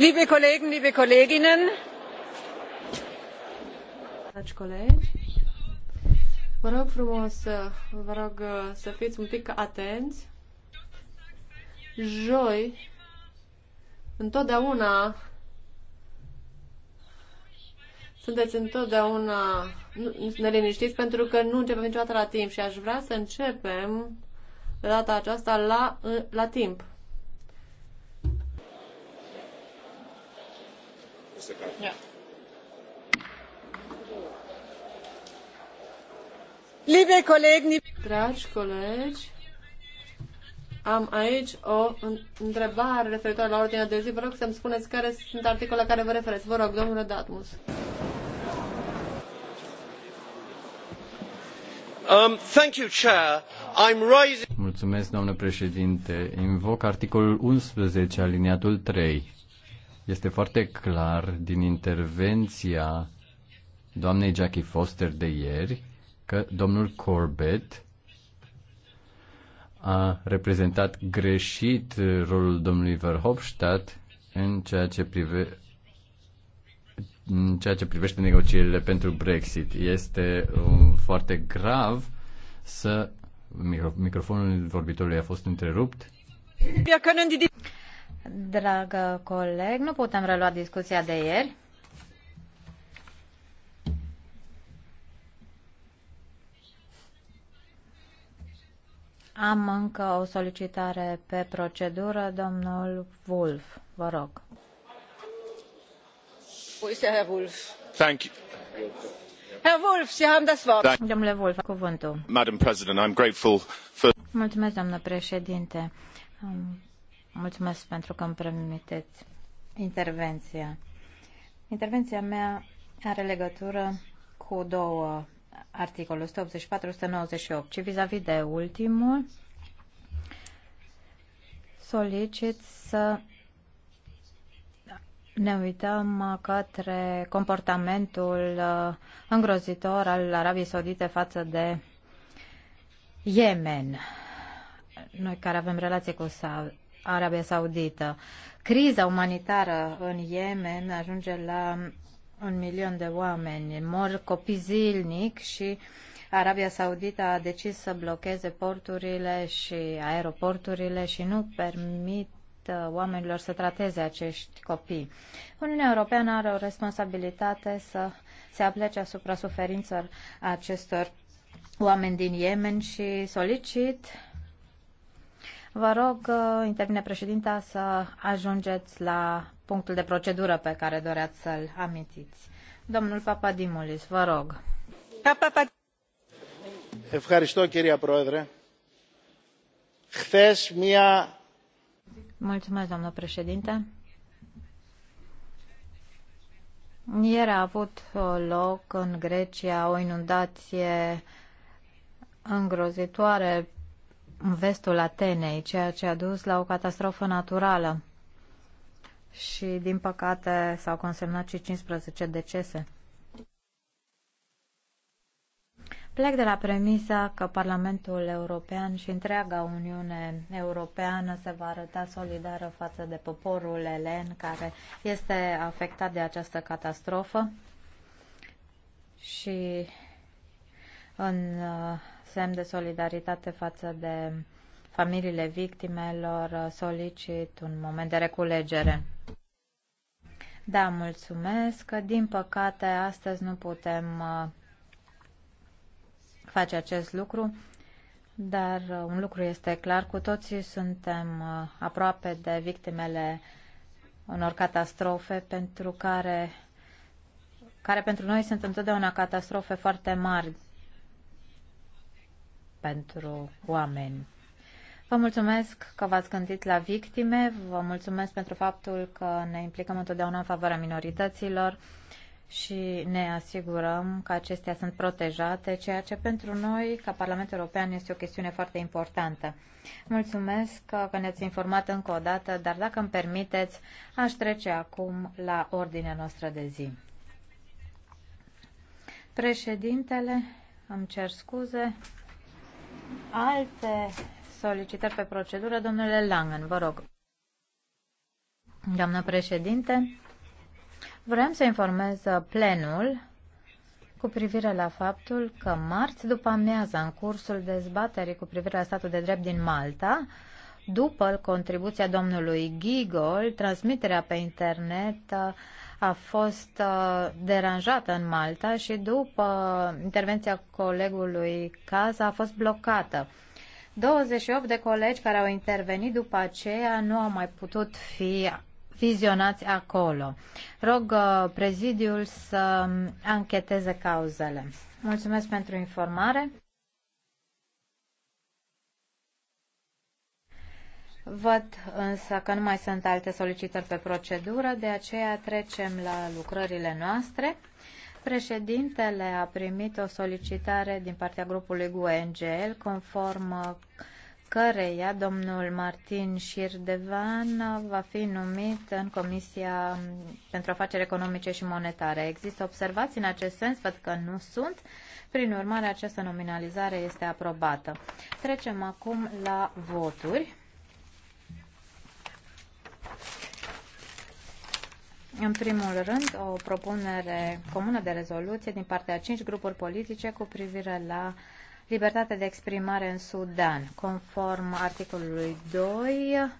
liebe Kollegen, liebe Kolleginnen. Dragi colegi, vă rog frumos, vă rog uh, să fiți un pic atenți. Joi, întotdeauna sunteți întotdeauna neliniștiți pentru că nu începem niciodată la timp și aș vrea să începem de data aceasta la, la timp. Este Yeah. Da. Liebe colegi, dragi colegi, am aici o întrebare referitoare la ordinea de zi. Vă rog să-mi spuneți care sunt articolele care vă referiți. Vă rog, domnule Datmus. Um, thank you, Chair. I'm Mulțumesc, domnule președinte. Invoc articolul 11, aliniatul 3 este foarte clar din intervenția doamnei Jackie Foster de ieri că domnul Corbett a reprezentat greșit rolul domnului Verhofstadt în ceea ce privește în ceea ce privește negocierile pentru Brexit. Este um, foarte grav să microfonul vorbitorului a fost întrerupt. Dragă coleg, nu putem relua discuția de ieri. Am încă o solicitare pe procedură, domnul Wolf, vă rog. Herr Wolf? Thank you. Herr Wolf, Sie haben das Wort. Domnule Wolf, cuvântul. Madam President, I'm grateful for... Mulțumesc, doamnă președinte. Mulțumesc pentru că îmi permiteți intervenția. Intervenția mea are legătură cu două articole, 184-198, ci vis-a-vis de ultimul, solicit să ne uităm către comportamentul uh, îngrozitor al Arabiei Saudite față de Yemen. Noi care avem relație cu Saudi Arabia Saudită. Criza umanitară în Yemen ajunge la un milion de oameni. Mor copii zilnic și Arabia Saudită a decis să blocheze porturile și aeroporturile și nu permit uh, oamenilor să trateze acești copii. Uniunea Europeană are o responsabilitate să se aplece asupra suferințelor acestor oameni din Yemen și solicit Vă rog, uh, intervine președinta, să ajungeți la punctul de procedură pe care doreați să-l amintiți. Domnul Papadimulis, vă rog. Ευχαριστώ, κυρία Πρόεδρε. Χθες μία... Mulțumesc, doamnă președinte. Ieri a avut uh, loc în Grecia o inundație îngrozitoare în vestul Atenei, ceea ce a dus la o catastrofă naturală. Și, din păcate, s-au consemnat și 15 decese. Plec de la premisa că Parlamentul European și întreaga Uniune Europeană se va arăta solidară față de poporul elen care este afectat de această catastrofă și în uh, semn de solidaritate față de familiile victimelor, uh, solicit un moment de reculegere. Da, mulțumesc. Din păcate, astăzi nu putem uh, face acest lucru, dar un lucru este clar, cu toții suntem aproape de victimele unor catastrofe pentru care, care pentru noi sunt întotdeauna catastrofe foarte mari pentru oameni. Vă mulțumesc că v-ați gândit la victime, vă mulțumesc pentru faptul că ne implicăm întotdeauna în favoarea minorităților și ne asigurăm că acestea sunt protejate, ceea ce pentru noi, ca Parlamentul European, este o chestiune foarte importantă. Mulțumesc că ne-ați informat încă o dată, dar dacă îmi permiteți, aș trece acum la ordinea noastră de zi. Președintele, îmi cer scuze alte solicitări pe procedură. Domnule Langen, vă rog. Doamnă președinte, vrem să informez plenul cu privire la faptul că marți după amiaza, în cursul dezbaterii cu privire la statul de drept din Malta, după contribuția domnului Gigol, transmiterea pe internet a fost uh, deranjată în Malta și după uh, intervenția colegului Caz a fost blocată. 28 de colegi care au intervenit după aceea nu au mai putut fi vizionați acolo. Rog uh, prezidiul să um, ancheteze cauzele. Mulțumesc pentru informare. Văd însă că nu mai sunt alte solicitări pe procedură, de aceea trecem la lucrările noastre. Președintele a primit o solicitare din partea grupului GUE-NGL, conform căreia domnul Martin Șirdevan va fi numit în Comisia pentru Afaceri Economice și Monetare. Există observații în acest sens? Văd că nu sunt. Prin urmare, această nominalizare este aprobată. Trecem acum la voturi. În primul rând, o propunere comună de rezoluție din partea a cinci grupuri politice cu privire la libertatea de exprimare în Sudan, conform articolului 2.